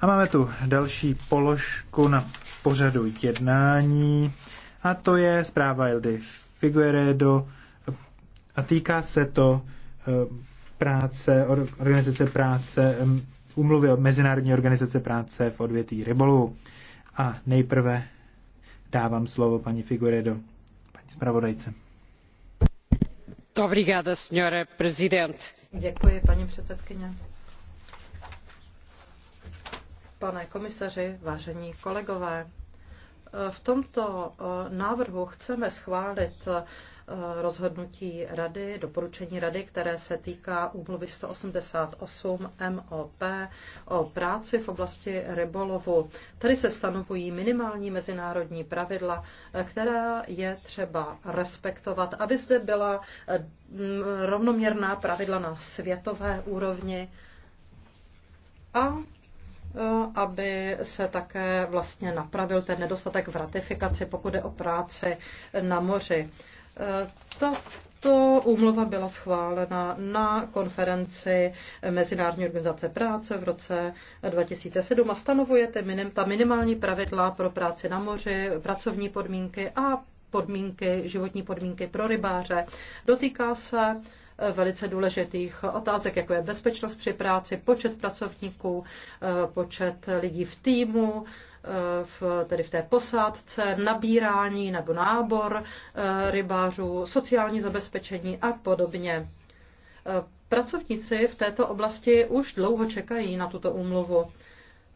A máme tu další položku na pořadu jednání a to je zpráva Ildy Figueredo a týká se to eh, práce, organizace práce, umluvy o Mezinárodní organizace práce v odvětví rybolu. A nejprve dávám slovo paní Figueredo, paní zpravodajce. Dobrý den, Děkuji, paní předsedkyně pane komisaři, vážení kolegové. V tomto eh, návrhu chceme schválit eh, rozhodnutí rady, doporučení rady, které se týká úmluvy 188 MOP o práci v oblasti rybolovu. Tady se stanovují minimální mezinárodní pravidla, eh, která je třeba respektovat, aby zde byla rovnoměrná pravidla na světové úrovni a Eh, aby se také vlastně napravil ten nedostatek v ratifikaci, pokud je o práci na moři. Eh, tato úmluva byla schválena na konferenci Mezinárodní organizace práce v roce 2007 a stanovuje minim, ta minimální pravidla pro práci na moři, pracovní podmínky a podmínky, životní podmínky pro rybáře. Dotýká se velice důležitých otázek, jako je bezpečnost při práci, počet pracovníků, eh, počet lidí v týmu, eh, v, tedy v té posádce, nabírání nebo nábor eh, rybářů, sociální zabezpečení a podobně. Pracovníci v této oblasti už dlouho čekají na tuto úmluvu.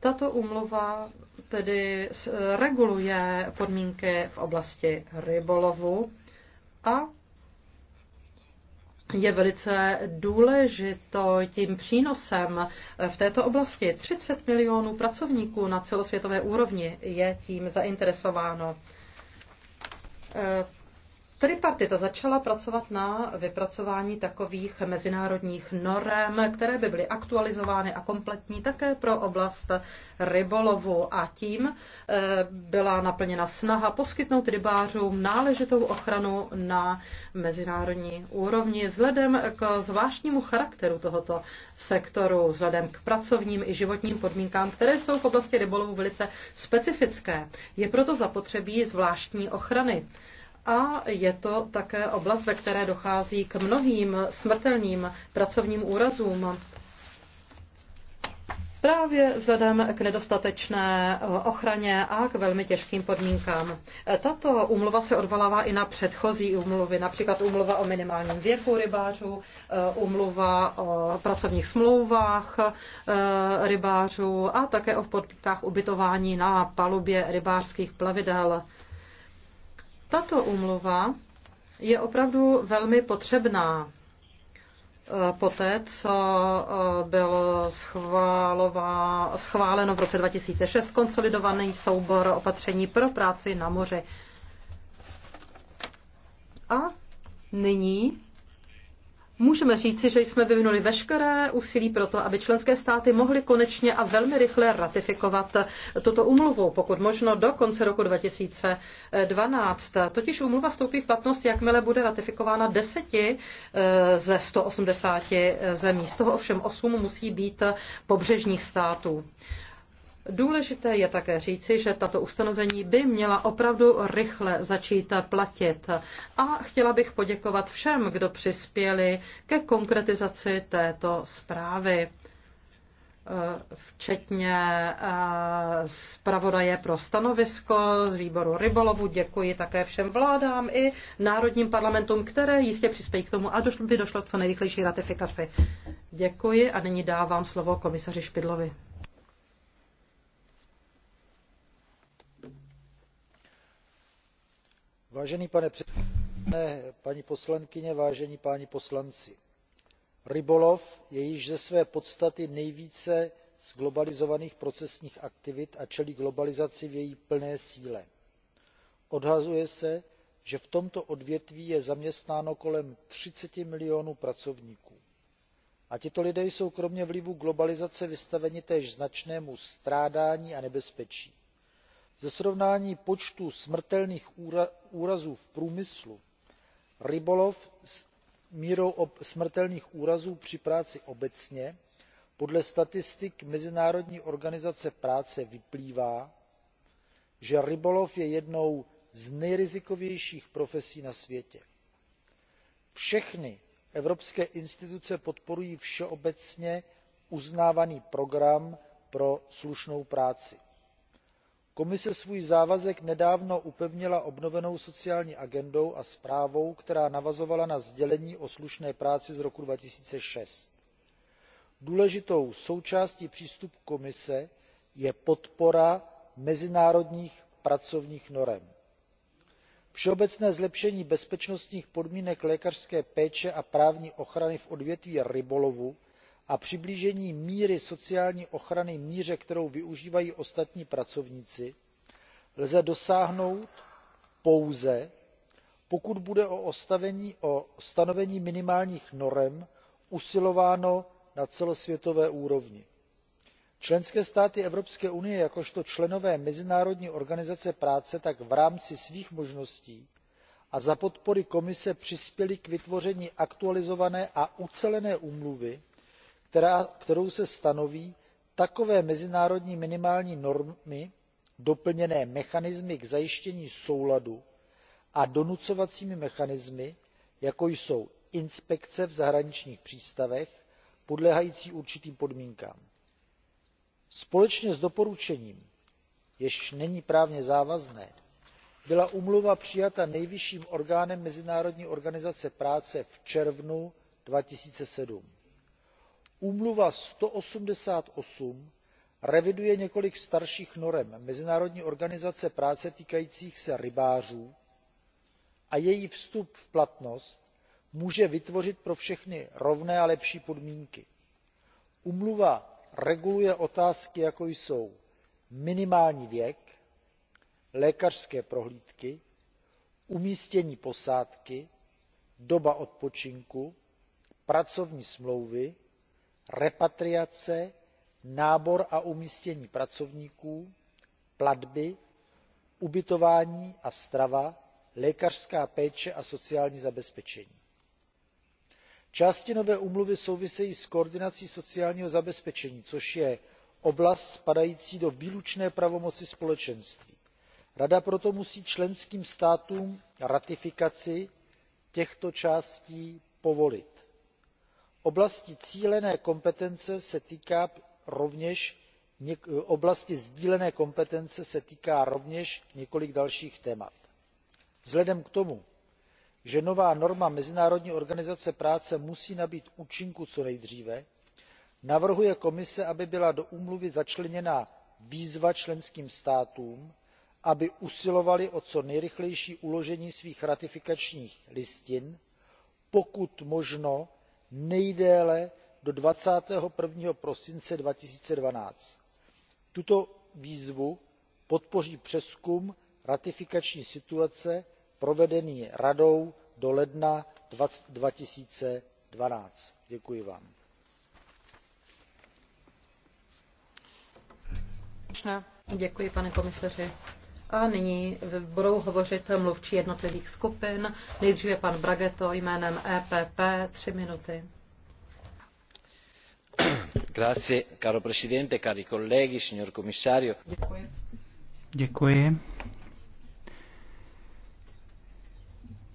Tato úmluva tedy reguluje podmínky v oblasti rybolovu a je velice tím přínosem v této oblasti. 30 milionů pracovníků na celosvětové úrovni je tím zainteresováno. Tripartita začala pracovat na vypracování takových mezinárodních norem, které by byly aktualizovány a kompletní také pro oblast rybolovu a tím eh, byla naplněna snaha poskytnout rybářům náležitou ochranu na mezinárodní úrovni vzhledem k zvláštnímu charakteru tohoto sektoru, vzhledem k pracovním i životním podmínkám, které jsou v oblasti rybolovu velice specifické. Je proto zapotřebí zvláštní ochrany a je to také oblast, ve které dochází k mnohým smrtelným pracovním úrazům. Právě vzhledem k nedostatečné ochraně a k velmi těžkým podmínkám. Tato úmluva se odvolává i na předchozí úmluvy, například úmluva o minimálním věku rybářů, úmluva o pracovních smlouvách eh, rybářů a také o podmínkách ubytování na palubě rybářských plavidel. Tato umluva je opravdu velmi potřebná e, poté, co e, bylo schváleno v roce 2006 konsolidovaný soubor opatření pro práci na moři. A nyní Můžeme říci, že jsme vyvinuli veškeré úsilí pro to, aby členské státy mohly konečně a velmi rychle ratifikovat tuto úmluvu, pokud možno do konce roku 2012. Totiž úmluva stoupí v platnost, jakmile bude ratifikována deseti eh, ze 180 zemí. Z toho ovšem osm musí být pobřežních států. Důležité je také říci, že tato ustanovení by měla opravdu rychle začít platit. A chtěla bych poděkovat všem, kdo přispěli ke konkretizaci této zprávy eh, včetně eh, zpravodaje pro stanovisko z výboru rybolovu. Děkuji také všem vládám i národním parlamentům, které jistě přispějí k tomu, a došlo by došlo k co nejrychlejší ratifikaci. Děkuji a nyní dávám slovo komisaři Špidlovi. pane předsedající paní poslankyně páni poslanci rybolov je již ze své podstaty nejvíce z globalizovaných procesních aktivit a čelí globalizaci v její plné síle. odhaduje se že v tomto odvětví je zaměstnáno kolem thirty milionů pracovníků. a tito lidé jsou kromě vlivu globalizace vystaveni též značnému strádání a nebezpečí ze srovnání počtu smrtelných úrazů v průmyslu rybolov s mírou smrtelných úrazů při práci obecně podle statistik mezinárodní organizace práce vyplývá že rybolov je jednou z nejrizikovějších profesí na světě. všechny evropské instituce podporují všeobecně uznávaný program pro slušnou práci komise svůj závazek nedávno upevnila obnovenou sociální agendou a zprávou která navazovala na sdělení o slušné práci z roku. two thousand and six důležitou součástí přístupu komise je podpora mezinárodních pracovních norem. všeobecné zlepšení bezpečnostních podmínek lékařské péče a právní ochrany v odvětví rybolovu a přiblížení míry sociální ochrany míře kterou využívají ostatní pracovníci lze dosáhnout pouze pokud bude o stanovení minimálních norem usilováno na celosvětové úrovni. členské státy evropské unie jakožto členové mezinárodní organizace práce tak v rámci svých možností a za podpory komise přispěly k vytvoření aktualizované a ucelené úmluvy kterou se stanoví takové mezinárodní minimální normy doplněné mechanismy k zajištění souladu a donucovacími mechanismy jako jsou inspekce v zahraničních přístavech podléhající určitým podmínkám. společně s doporučením jež není právně závazné byla úmluva přijata nejvyšším orgánem mezinárodní organizace práce v červnu two thousand and seven úmluva one hundred and eighty eight reviduje několik starších norem mezinárodní organizace práce týkajících se rybářů a její vstup v platnost může vytvořit pro všechny rovné a lepší podmínky. úmluva reguluje otázky jako jsou minimální věk lékařské prohlídky umístění posádky doba odpočinku pracovní smlouvy repatriace nábor a umístění pracovníků platby ubytování a strava lékařská péče a sociální zabezpečení. části nové úmluvy souvisejí s koordinací sociálního zabezpečení což je oblast spadající do výlučné pravomoci společenství. rada proto musí členským státům ratifikaci těchto částí povolit. Oblasti cílené kompetence se týká rovněž oblasti sdílené kompetence se týká rovněž několik dalších témat. vzhledem k tomu že nová norma mezinárodní organizace práce musí nabýt účinku co nejdříve navrhuje komise aby byla do úmluvy začleněna výzva členským státům aby usilovaly o co nejrychlejší uložení svých ratifikačních listin pokud možno nejdéle do. twenty one prosince. two thousand and twelve tuto výzvu podpoří přezkum ratifikační situace provedený radou do ledna. two thousand and twelve děkuji vám. děkuji pane a nyní budou hovořit mluvčí jednotlivých skupin. Nejdříve pan Brageto jménem EPP, tři minuty. Grazie, caro presidente, cari colleghi, signor commissario. Děkuji. Děkuji.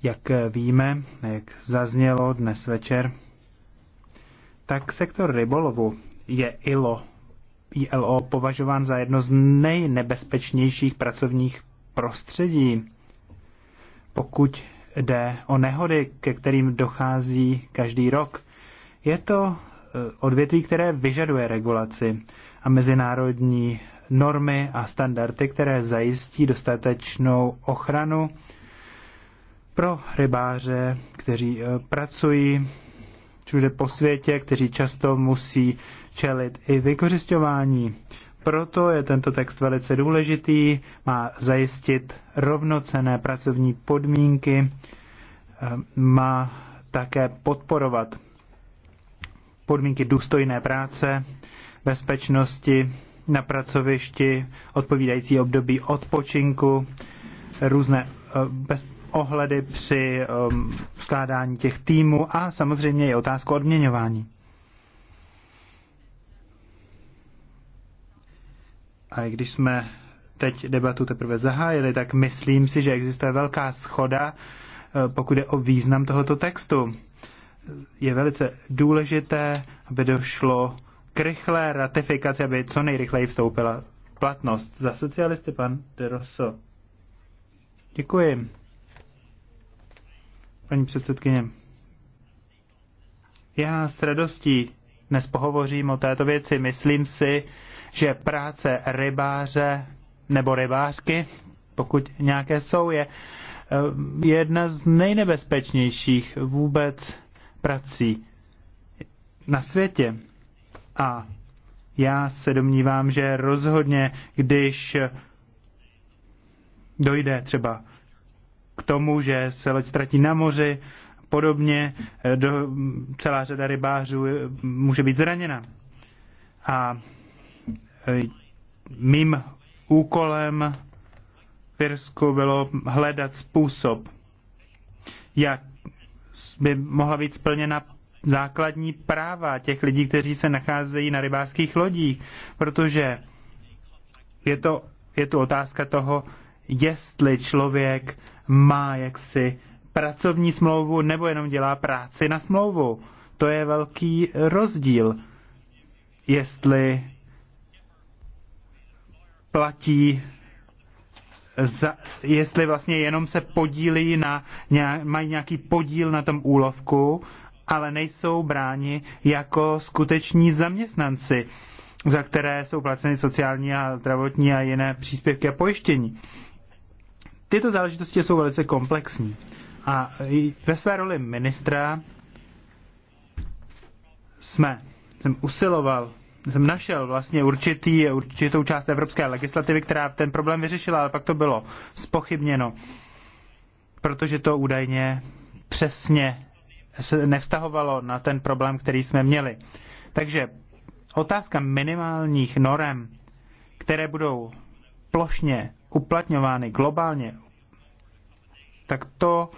Jak víme, jak zaznělo dnes večer, tak sektor rybolovu je ILO ILO považován za jedno z nejnebezpečnějších pracovních prostředí, pokud jde o nehody, ke kterým dochází každý rok. Je to eh, odvětví, které vyžaduje regulaci a mezinárodní normy a standardy, které zajistí dostatečnou ochranu pro rybáře, kteří eh, pracují všude po světě, kteří často musí čelit i vykořišťování. Proto je tento text velice důležitý, má zajistit rovnocené pracovní podmínky, eh, má také podporovat podmínky důstojné práce, bezpečnosti na pracovišti, odpovídající období odpočinku, různé eh, bez, ohledy při um, skládání těch týmů a samozřejmě je otázka odměňování. A i když jsme teď debatu teprve zahájili, tak myslím si, že existuje velká schoda, eh, pokud je o význam tohoto textu. Je velice důležité, aby došlo k rychlé ratifikaci, aby co nejrychleji vstoupila platnost. Za socialisty pan De Rosso. Děkuji paní předsedkyně. Já s radostí dnes pohovořím o této věci. Myslím si, že práce rybáře nebo rybářky, pokud nějaké jsou, je eh, jedna z nejnebezpečnějších vůbec prací na světě. A já se domnívám, že rozhodně, když dojde třeba tomu, že se loď ztratí na moři, podobně eh, do, celá řada rybářů eh, může být zraněna. A eh, mým úkolem v Irsku bylo hledat způsob, jak by mohla být splněna základní práva těch lidí, kteří se nacházejí na rybářských lodích, protože je to, je tu otázka toho, jestli člověk má jaksi pracovní smlouvu nebo jenom dělá práci na smlouvu. To je velký rozdíl, jestli platí za, jestli vlastně jenom se podílí na, mají nějaký podíl na tom úlovku, ale nejsou bráni jako skuteční zaměstnanci, za které jsou placeny sociální a zdravotní a jiné příspěvky a pojištění tyto záležitosti jsou velice komplexní. A ve své roli ministra jsme, jsem usiloval, jsem našel vlastně určitý, určitou část evropské legislativy, která ten problém vyřešila, ale pak to bylo spochybněno, protože to údajně přesně se nevztahovalo na ten problém, který jsme měli. Takže otázka minimálních norem, které budou plošně uplatňovány globálně, tak to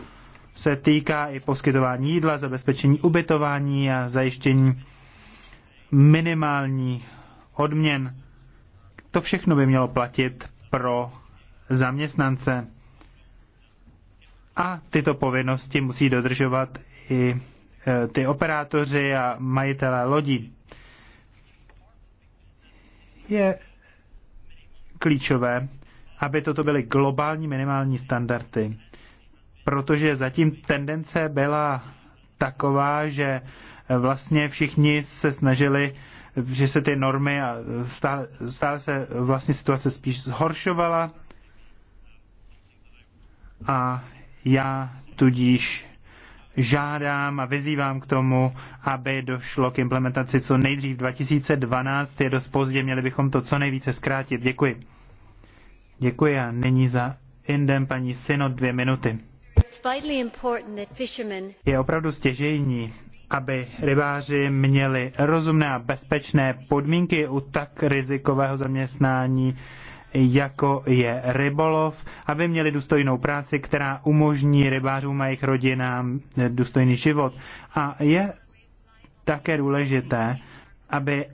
se týká i poskytování jídla, zabezpečení ubytování a zajištění minimálních odměn. To všechno by mělo platit pro zaměstnance. A tyto povinnosti musí dodržovat i e, ty operátoři a majitelé lodí. Je klíčové, aby toto byly globální minimální standardy, protože zatím tendence byla taková, že vlastně všichni se snažili, že se ty normy a stále, stále se vlastně situace spíš zhoršovala a já tudíž žádám a vyzývám k tomu, aby došlo k implementaci co nejdřív 2012, je dost pozdě, měli bychom to co nejvíce zkrátit. Děkuji. Děkuji a nyní za Indem paní Sino dvě minuty. Je opravdu stěžejní, aby rybáři měli rozumné a bezpečné podmínky u tak rizikového zaměstnání, jako je rybolov, aby měli důstojnou práci, která umožní rybářům a jejich rodinám důstojný život. A je také důležité, aby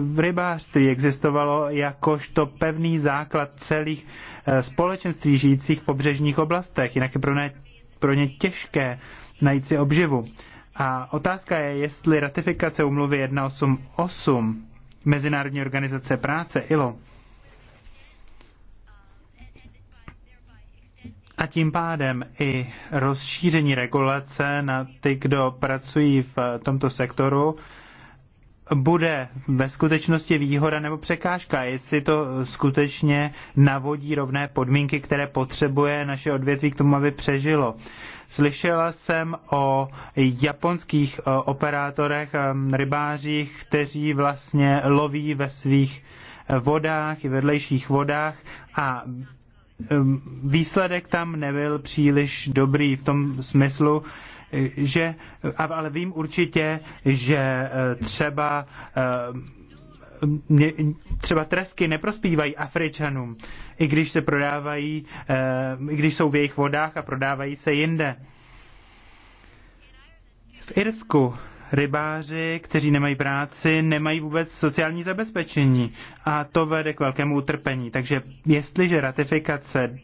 v rybářství existovalo jakožto pevný základ celých eh, společenství žijících v pobřežních oblastech, jinak je pro ně, pro ně těžké najít si obživu. A otázka je, jestli ratifikace umluvy 188 Mezinárodní organizace práce ILO a tím pádem i rozšíření regulace na ty, kdo pracují v tomto sektoru, bude ve skutečnosti výhoda nebo překážka, jestli to skutečně navodí rovné podmínky, které potřebuje naše odvětví k tomu, aby přežilo. Slyšela jsem o japonských e, operátorech, e, rybářích, kteří vlastně loví ve svých e, vodách i vedlejších vodách a výsledek tam nebyl příliš dobrý v tom smyslu, že, ale vím určitě, že eh, třeba eh, třeba tresky neprospívají Afričanům, i když se prodávají, eh, i když jsou v jejich vodách a prodávají se jinde. V Irsku rybáři, kteří nemají práci, nemají vůbec sociální zabezpečení a to vede k velkému utrpení. Takže jestliže ratifikace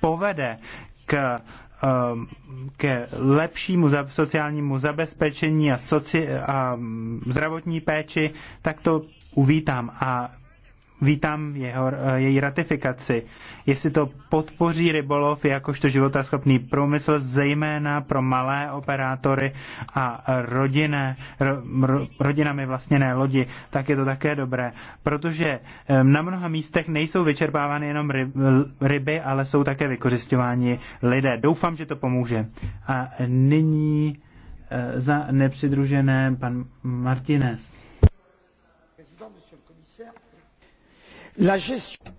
povede k Um, ke lepšímu sociálnímu zabezpečení a, soci, a mm, zdravotní péči, tak to uvítám. A vítám jeho, eh, její ratifikaci. Jestli to podpoří rybolov jakožto životaschopný průmysl, zejména pro malé operátory a rodinné, ro, rodinami vlastněné lodi, tak je to také dobré. Protože eh, na mnoha místech nejsou vyčerpávány jenom ryby, ale jsou také vykořišťováni lidé. Doufám, že to pomůže. A nyní eh, za nepřidružené pan Martinez.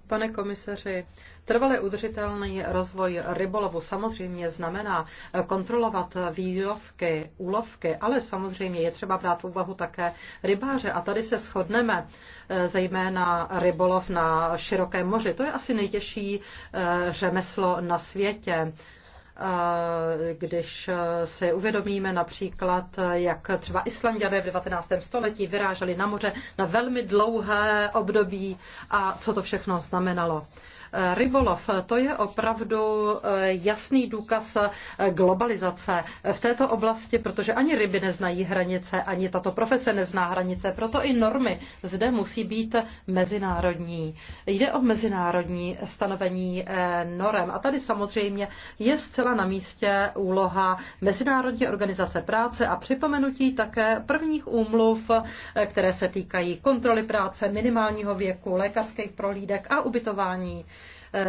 Pane komisaři, trvale udržitelný rozvoj rybolovu samozřejmě znamená eh, kontrolovat výlovky, úlovky, ale samozřejmě je třeba brát v úvahu také rybáře. A tady se shodneme eh, zejména rybolov na širokém moři. To je asi nejtěžší eh, řemeslo na světě když se uvědomíme například, jak třeba Islandiané v 19. století vyráželi na moře na velmi dlouhé období a co to všechno znamenalo. Rybolov, to je opravdu eh, jasný důkaz eh, globalizace v této oblasti, protože ani ryby neznají hranice, ani tato profese nezná hranice, proto i normy zde musí být mezinárodní. Jde o mezinárodní stanovení eh, norem a tady samozřejmě je zcela na místě úloha Mezinárodní organizace práce a připomenutí také prvních úmluv, které se týkají kontroly práce, minimálního věku, lékařských prohlídek a ubytování.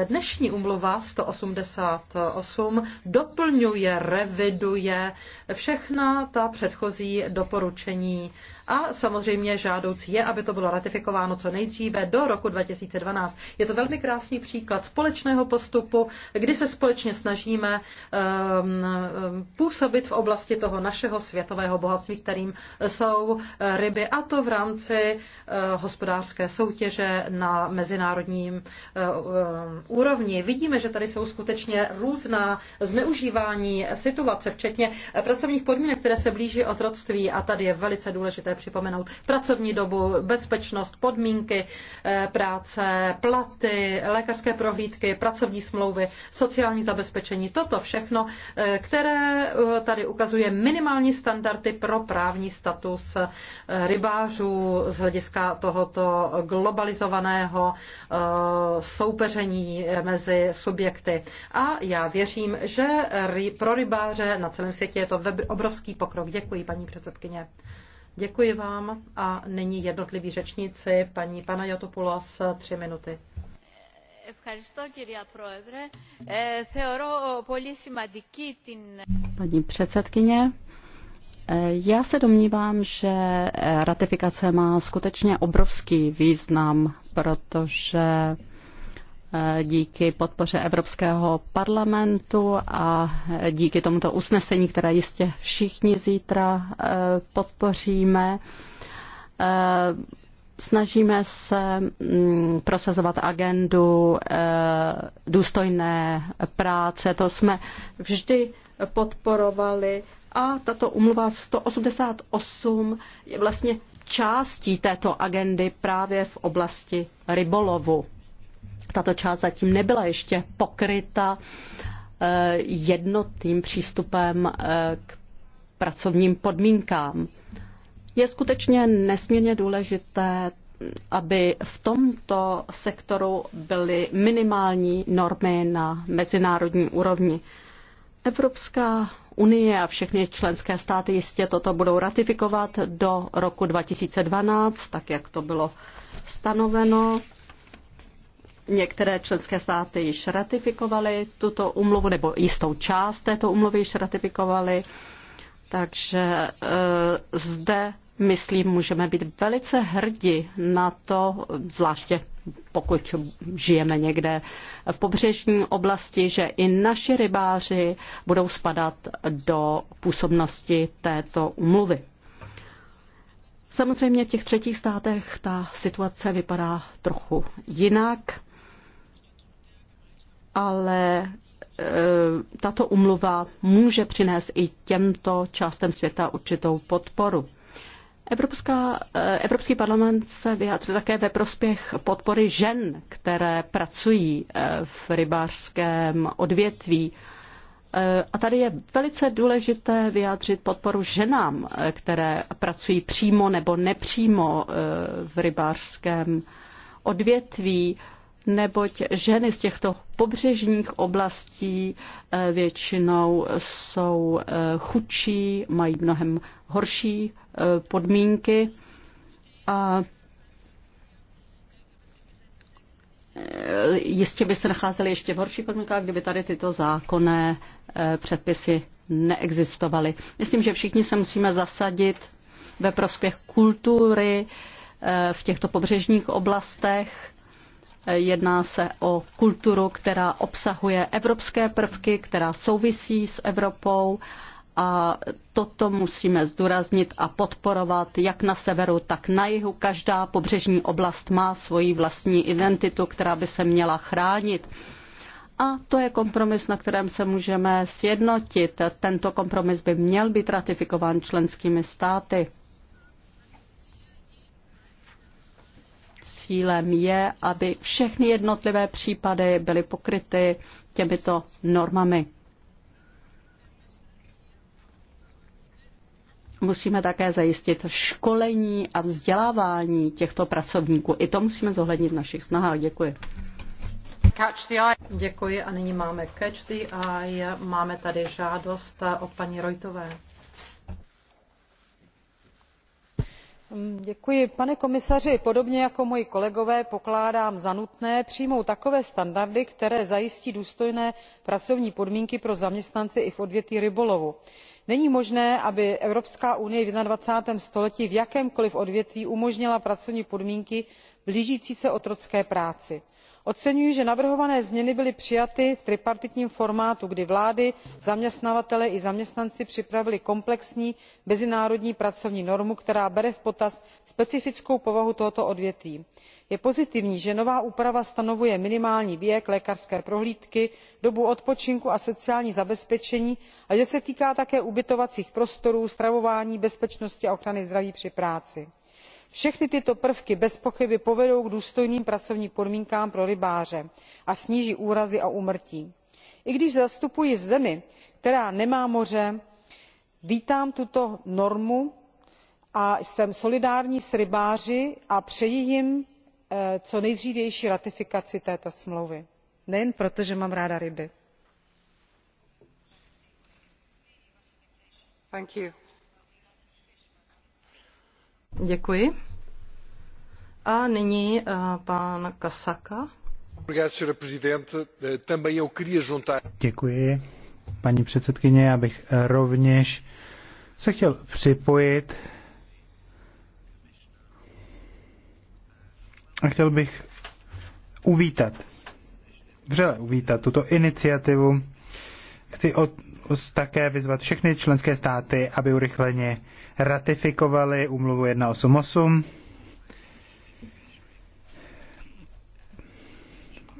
Dnešní umluva 188 doplňuje, reviduje všechna ta předchozí doporučení a samozřejmě žádoucí je, aby to bylo ratifikováno co nejdříve do roku 2012. Je to velmi krásný příklad společného postupu, kdy se společně snažíme ehm, ehm, působit v oblasti toho našeho světového bohatství, kterým jsou eh, ryby, a to v rámci eh, hospodářské soutěže na mezinárodním eh, úrovni. Vidíme, že tady jsou skutečně různá zneužívání situace, včetně pracovních podmínek, které se blíží otroctví a tady je velice důležité připomenout. Pracovní dobu, bezpečnost, podmínky eh, práce, platy, lékařské prohlídky, pracovní smlouvy, sociální zabezpečení, toto všechno, eh, které eh, tady ukazuje minimální standardy pro právní status rybářů z hlediska tohoto globalizovaného soupeření mezi subjekty. A já věřím, že pro rybáře na celém světě je to obrovský pokrok. Děkuji, paní předsedkyně. Děkuji vám a nyní jednotliví řečníci, paní pana Jatopoulos, tři minuty. E, paní předsedkyně, e, já se domnívám, že e, ratifikace má skutečně obrovský význam, protože díky podpoře Evropského parlamentu a díky tomuto usnesení, které jistě všichni zítra eh, podpoříme. Eh, snažíme se mm, prosazovat agendu eh, důstojné práce. To jsme vždy podporovali a tato umluva 188 je vlastně částí této agendy právě v oblasti rybolovu. Tato část zatím nebyla ještě pokryta eh, jednotným přístupem eh, k pracovním podmínkám. Je skutečně nesmírně důležité, aby v tomto sektoru byly minimální normy na mezinárodní úrovni. Evropská unie a všechny členské státy jistě toto budou ratifikovat do roku 2012, tak jak to bylo stanoveno. Některé členské státy již ratifikovaly tuto umluvu, nebo jistou část této umluvy již ratifikovaly. Takže e, zde, myslím, můžeme být velice hrdi na to, zvláště pokud žijeme někde v pobřežní oblasti, že i naši rybáři budou spadat do působnosti této umluvy. Samozřejmě v těch třetích státech ta situace vypadá trochu jinak ale e, tato umluva může přinést i těmto částem světa určitou podporu. Evropská, e, Evropský parlament se vyjádřil také ve prospěch podpory žen, které pracují e, v rybářském odvětví. A tady je velice důležité vyjádřit podporu ženám, které pracují přímo nebo nepřímo v rybářském odvětví neboť ženy z těchto pobřežních oblastí eh, většinou jsou eh, chudší, mají mnohem horší eh, podmínky a jistě by se nacházely ještě v horších podmínkách, kdyby tady tyto zákonné předpisy neexistovaly. Myslím, že všichni se musíme zasadit ve prospěch kultury v těchto pobřežních oblastech Jedná se o kulturu, která obsahuje evropské prvky, která souvisí s Evropou a toto musíme zdůraznit a podporovat jak na severu, tak na jihu. Každá pobřežní oblast má svoji vlastní identitu, která by se měla chránit. A to je kompromis, na kterém se můžeme sjednotit. Tento kompromis by měl být ratifikován členskými státy. Cílem je, aby všechny jednotlivé případy byly pokryty těmito normami. Musíme také zajistit školení a vzdělávání těchto pracovníků. I to musíme zohlednit v našich snahách. Děkuji. Děkuji a nyní máme catch the eye. Máme tady žádost o paní Rojtové. pane komisaři podobně jako moji kolegové pokládám za nutné přijmout takové standardy které zajistí důstojné pracovní podmínky pro zaměstnance i v odvětví rybolovu. není možné aby evropská unie v jednadvacátém století v jakémkoliv odvětví umožnila pracovní podmínky blížící se otrocké práci oceňuji že navrhované změny byly přijaty v tripartitním formátu kdy vlády zaměstnavatelé i zaměstnanci připravili komplexní mezinárodní pracovní normu která bere v potaz specifickou povahu tohoto odvětví. je pozitivní že nová úprava stanovuje minimální věk lékařské prohlídky dobu odpočinku a sociální zabezpečení a že se týká také ubytovacích prostorů stravování bezpečnosti a ochrany zdraví při práci všechny tyto prvky bezpochyby povedou k důstojným pracovním podmínkám pro rybáře a sníží úrazy a úmrtí. i když zastupuji zemi která nemá moře vítám tuto normu a jsem solidární s rybáři a přeji jim eh, co nejdřívější ratifikaci této smlouvy nejen proto že mám ráda ryby. Děkuji. A nyní eh, pan Kasaka. Eh, Děkuji, paní předsedkyně. Já bych eh, rovněž se chtěl připojit a chtěl bych uvítat, vřele uvítat tuto iniciativu. Chci od, také vyzvat všechny členské státy, aby urychleně ratifikovali úmluvu 188,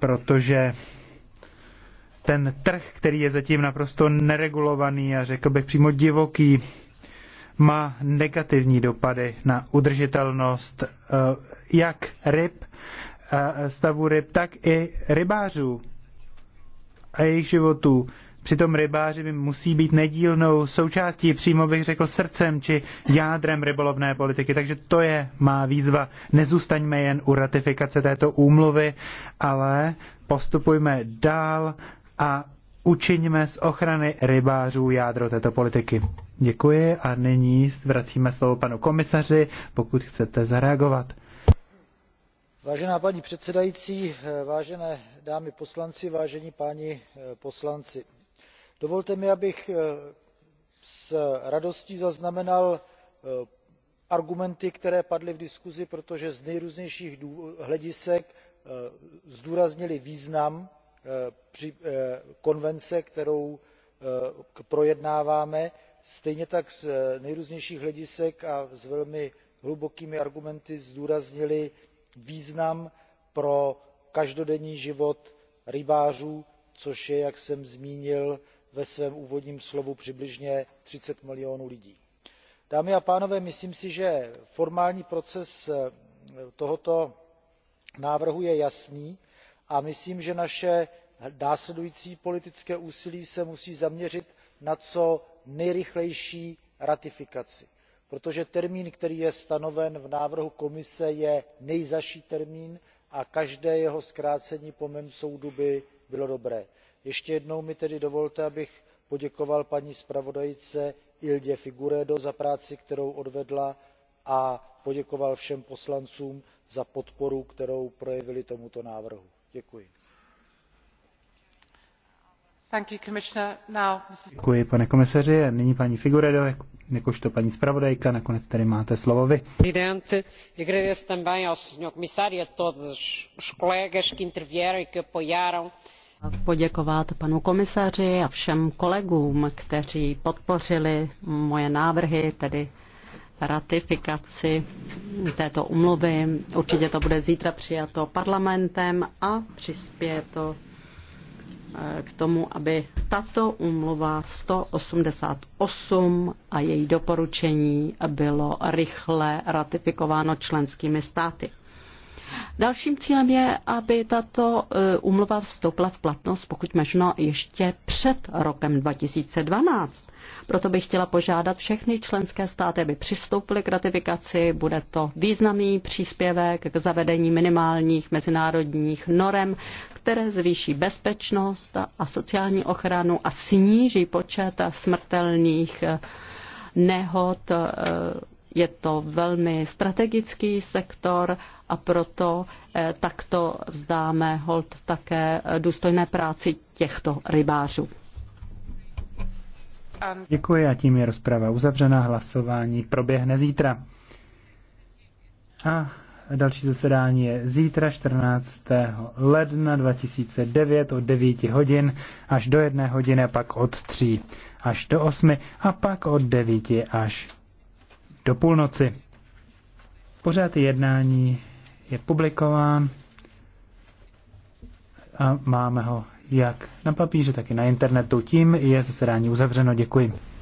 protože ten trh, který je zatím naprosto neregulovaný a řekl bych přímo divoký, má negativní dopady na udržitelnost eh, jak ryb, eh, stavu ryb, tak i rybářů a jejich životů. Přitom rybáři by musí být nedílnou součástí, přímo bych řekl srdcem či jádrem rybolovné politiky. Takže to je má výzva. Nezůstaňme jen u ratifikace této úmluvy, ale postupujme dál a učiňme z ochrany rybářů jádro této politiky. Děkuji a nyní vracíme slovo panu komisaři, pokud chcete zareagovat. Vážená paní předsedající, vážené dámy poslanci, vážení páni poslanci dovolte mi abych eh, s radostí zaznamenal eh, argumenty které padly v diskusi protože z nejrůznějších hledisek eh, zdůraznily význam konvence kterou projednáváme stejně tak z nejrůznějších hledisek a s velmi hlubokými argumenty zdůraznily význam pro každodenní život rybářů což je jak jsem zmínil ve svém úvodním slovu přibližně thirty milionů lidí. dámy a pánové myslím si že formální proces eh, tohoto návrhu je jasný a myslím že naše následující politické úsilí se musí zaměřit na co nejrychlejší ratifikaci protože termín který je stanoven v návrhu komise je nejzazší termín a každé jeho zkrácení po mém soudu by bylo dobré ještě jednou mi tedy dovolte abych poděkoval paní zpravodajce ildě figueiredové za práci kterou odvedla a poděkoval všem poslancům za podporu kterou projevili tomuto návrhu. děkuji. Děkuji, pane komisaři. A nyní paní Figueredo, jakožto paní zpravodajka, nakonec tady máte slovo vy. E a poděkovat panu komisaři a všem kolegům, kteří podpořili moje návrhy, tedy ratifikaci této umluvy. Určitě to bude zítra přijato parlamentem a přispěje to eh, k tomu, aby tato umluva 188 a její doporučení bylo rychle ratifikováno členskými státy. Dalším cílem je, aby tato úmluva e, vstoupila v platnost pokud možno ještě před rokem 2012. Proto bych chtěla požádat všechny členské státy, aby přistoupily k ratifikaci. Bude to významný příspěvek k zavedení minimálních mezinárodních norem, které zvýší bezpečnost a sociální ochranu a sníží počet smrtelných e, nehod e, je to velmi strategický sektor a proto eh, takto vzdáme hold také eh, důstojné práci těchto rybářů. Děkuji a tím je rozprava uzavřena. Hlasování proběhne zítra. A další zasedání je zítra 14. ledna 2009 od 9 hodin až do 1 hodiny, pak od 3 až do 8 a pak od 9 až do půlnoci. Pořád jednání je publikován a máme ho jak na papíře, tak i na internetu. Tím je zasedání uzavřeno. Děkuji.